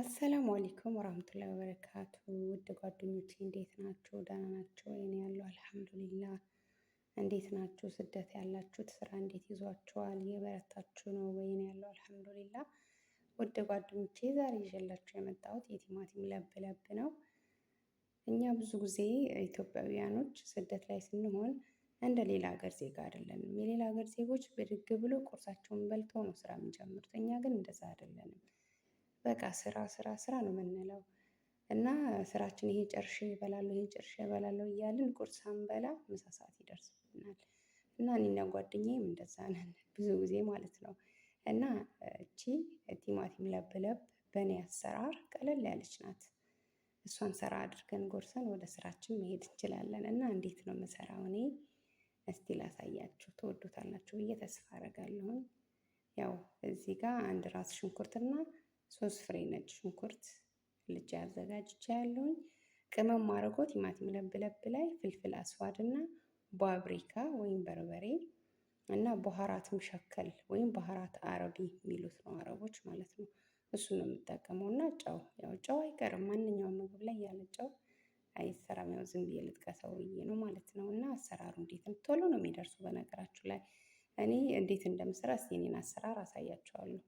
አሰላሙ አለይኩም ወራህመቱላሂ ወበረካቱ። ውድ ጓደኞቼ እንዴት ናችሁ? ደህና ናችሁ? እኔ ያለው አልሐምዱሊላህ። እንዴት ናችሁ? ስደት ያላችሁት ስራ እንዴት ይዟችኋል? የበረታችሁ ነው ወይ? እኔ ያለው አልሐምዱሊላህ። ውድ ጓደኞቼ ዛሬ ይዤላችሁ የመጣሁት የቲማቲም ለብ ለብ ነው። እኛ ብዙ ጊዜ ኢትዮጵያውያኖች ስደት ላይ ስንሆን እንደ ሌላ ሀገር ዜጋ አይደለንም። የሌላ ሀገር ዜጎች ብድግ ብሎ ቁርሳቸውን በልተው ነው ስራ የሚጀምሩት። እኛ ግን እንደዛ አይደለንም። በቃ ስራ ስራ ስራ ነው የምንለው እና ስራችን ይሄ ጨርሼ እበላለሁ ይሄን ጨርሼ እበላለሁ እያልን ቁርስ ሳንበላ ምሳ ሰዓት ይደርስብናል። እና እኔና ጓደኛዬም እንደዛ ነን ብዙ ጊዜ ማለት ነው። እና እቺ ቲማቲም ለብለብ በእኔ አሰራር ቀለል ያለች ናት። እሷን ሰራ አድርገን ጎርሰን ወደ ስራችን መሄድ እንችላለን። እና እንዴት ነው የምሰራው እኔ እስቲ ላሳያችሁ ትወዱታላችሁ ብዬ ተስፋ ያው እዚህ ጋር አንድ ራስ ሽንኩርትና ሶስት ፍሬ ነጭ ሽንኩርት ልጅ አዘጋጅቼ ያለውኝ ቅመም ማርጎ ቲማቲም ለብለብ ላይ ፍልፍል አስዋድ እና ባብሪካ ወይም በርበሬ እና ባህራት ምሸከል ወይም ባህራት አረቢ የሚሉት ነው አረቦች ማለት ነው። እሱ ነው የምጠቀመው እና ጨው ያው ጨው አይቀርም ማንኛውም ምግብ ላይ ያለ ጨው አይሰራም። ያው ዝም ብዬ ልጥቀሰው ብዬ ነው ማለት ነው። እና አሰራሩ እንዴት ነው? ቶሎ ነው የሚደርሱ በነገራችሁ ላይ እኔ እንዴት እንደምሰራ እኔን አሰራር አሳያችኋለሁ።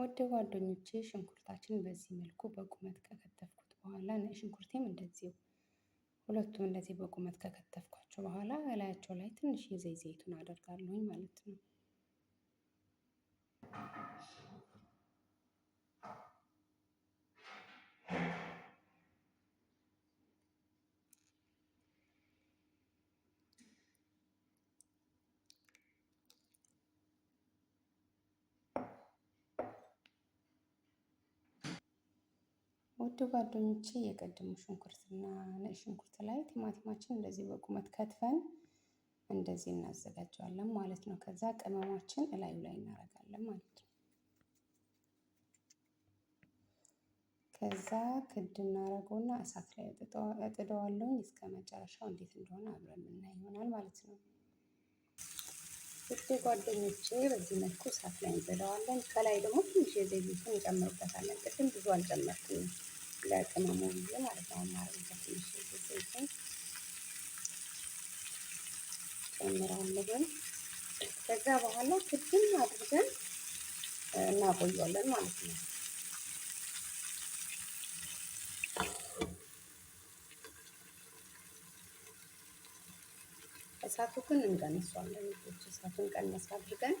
ወደ ጓደኞቼ ሽንኩርታችን በዚህ መልኩ በቁመት ከከተፍኩት በኋላ ሽንኩርቴም እንደዚሁ ሁለቱም እንደዚህ በቁመት ከከተፍኳቸው በኋላ እላያቸው ላይ ትንሽ የዘይት ዘይቱን አደርጋለሁኝ ማለት ነው። ውድ ጓደኞቼ የቀደሙ ሽንኩርትና ነጭ ሽንኩርት ላይ ቲማቲማችን እንደዚህ በቁመት ከትፈን እንደዚህ እናዘጋጀዋለን ማለት ነው። ከዛ ቅመማችን እላዩ ላይ እናደርጋለን ማለት ነው። ከዛ ክድ እናደርገውና እሳት ላይ እጥደዋለሁ እስከ መጨረሻው እንዴት እንደሆነ አብረን የምናይ ይሆናል ማለት ነው። ውድ ጓደኞቼ በዚህ መልኩ እሳት ላይ እንጥደዋለን። ከላይ ደግሞ ትንሽ የዘይቱን እንጨምርበታለን። ቅድም ብዙ አልጨመርኩኝም። ለቅመሙ ብዬ ማለት ነው። ማረበት ትንሽ ዘይቱን ጨምራለሁኝ። ከዛ በኋላ ክድን አድርገን እናቆያለን ማለት ነው። እሳቱ ግን እንቀንሷለን። እሳቱን ቀነስ አድርገን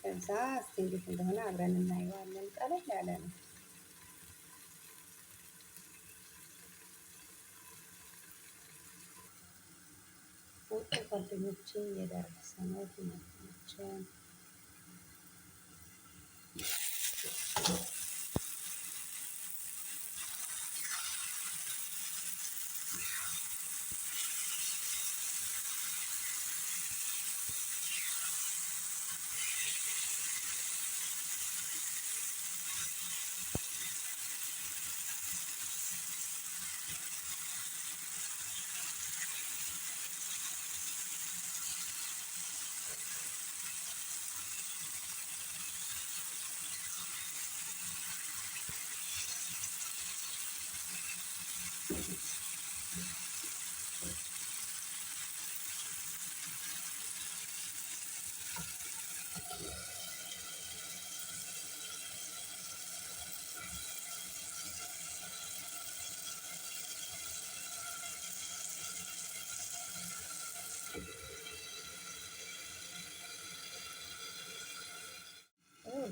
ከዛ እስኪ እንዴት እንደሆነ አብረን እናየዋለን። ቀለል ያለ ነው። ውድ ጓደኞቼ የደረሰ ሰነድ ናቸው።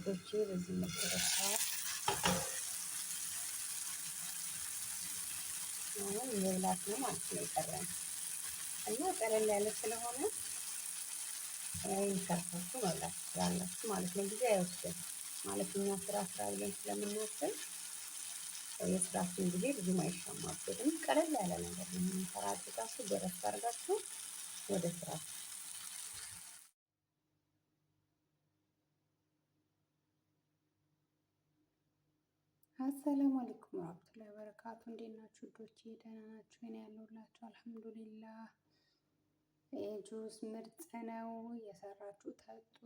ውዶቼ በዚህ አሁን መብላት ነው ማለት ነው የቀረን እና ቀለል ያለ ስለሆነ ይንከርታችሁ መብላት ትችላላችሁ ማለት ነው። ጊዜ አይወስድም ማለት እኛ ስራ ስራ ብለን ስለምናስብ የስራችን ጊዜ ብዙም አይሻማብንም። ቀለል ያለ ነገር ነው የምንሰራ አድርጋችሁ በረፍት አድርጋችሁ ወደ ስራችሁ አሰላሙ አለይኩም ወራህመቱላሂ ወበረካቱ። እንዴት ናችሁ ውዶቼ? ደህና ናችሁ? እኔ ያለሁላችሁ አልሐምዱሊላህ። ጁስ ምርጥ ነው የሰራችሁ ጠጡ።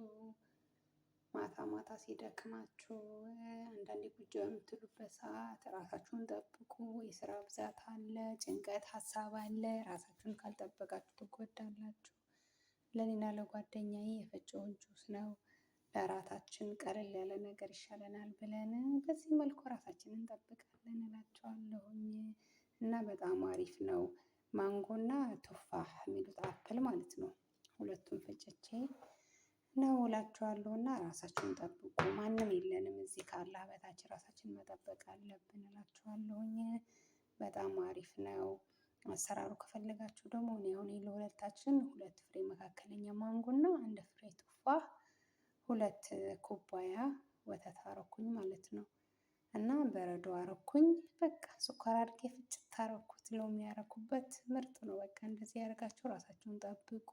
ማታ ማታ ሲደክማችሁ አንዳንዴ ቁጭ በምትሉበት ሰዓት ራሳችሁን ጠብቁ። የስራ ብዛት አለ፣ ጭንቀት፣ ሀሳብ አለ። ራሳችሁን ካልጠበቃችሁ ትጎዳላችሁ። ለኔና ለጓደኛዬ የፈጨውን ጁስ ነው ለራታችን ቀለል ያለ ነገር ይሻለናል ብለን በዚህ መልኩ ራሳችንን እንጠብቃለን እላቸዋለሁኝ። እና በጣም አሪፍ ነው። ማንጎና ቱፋህ የሚሉት አፕል ማለት ነው። ሁለቱም ፈጭቼ ነው እላቸዋለሁ። እና ራሳችንን ጠብቁ። ማንም የለንም እዚህ ካለ በታች ራሳችን መጠበቅ አለብን እላቸዋለሁኝ። በጣም አሪፍ ነው። አሰራሩ ከፈለጋችሁ ደግሞ እኔ አሁን ለሁለታችን ሁለት ፍሬ መካከለኛ ማንጎና አንድ ፍሬ ቱፋህ ሁለት ኩባያ ወተት አረኩኝ ማለት ነው። እና በረዶ አረኩኝ። በቃ ስኳር አድርጌ ፍጭት አረኩት። ሎሚ ያረኩበት ምርጥ ነው። በቃ እንደዚህ ያደርጋችሁ ራሳችሁን ጠብቁ።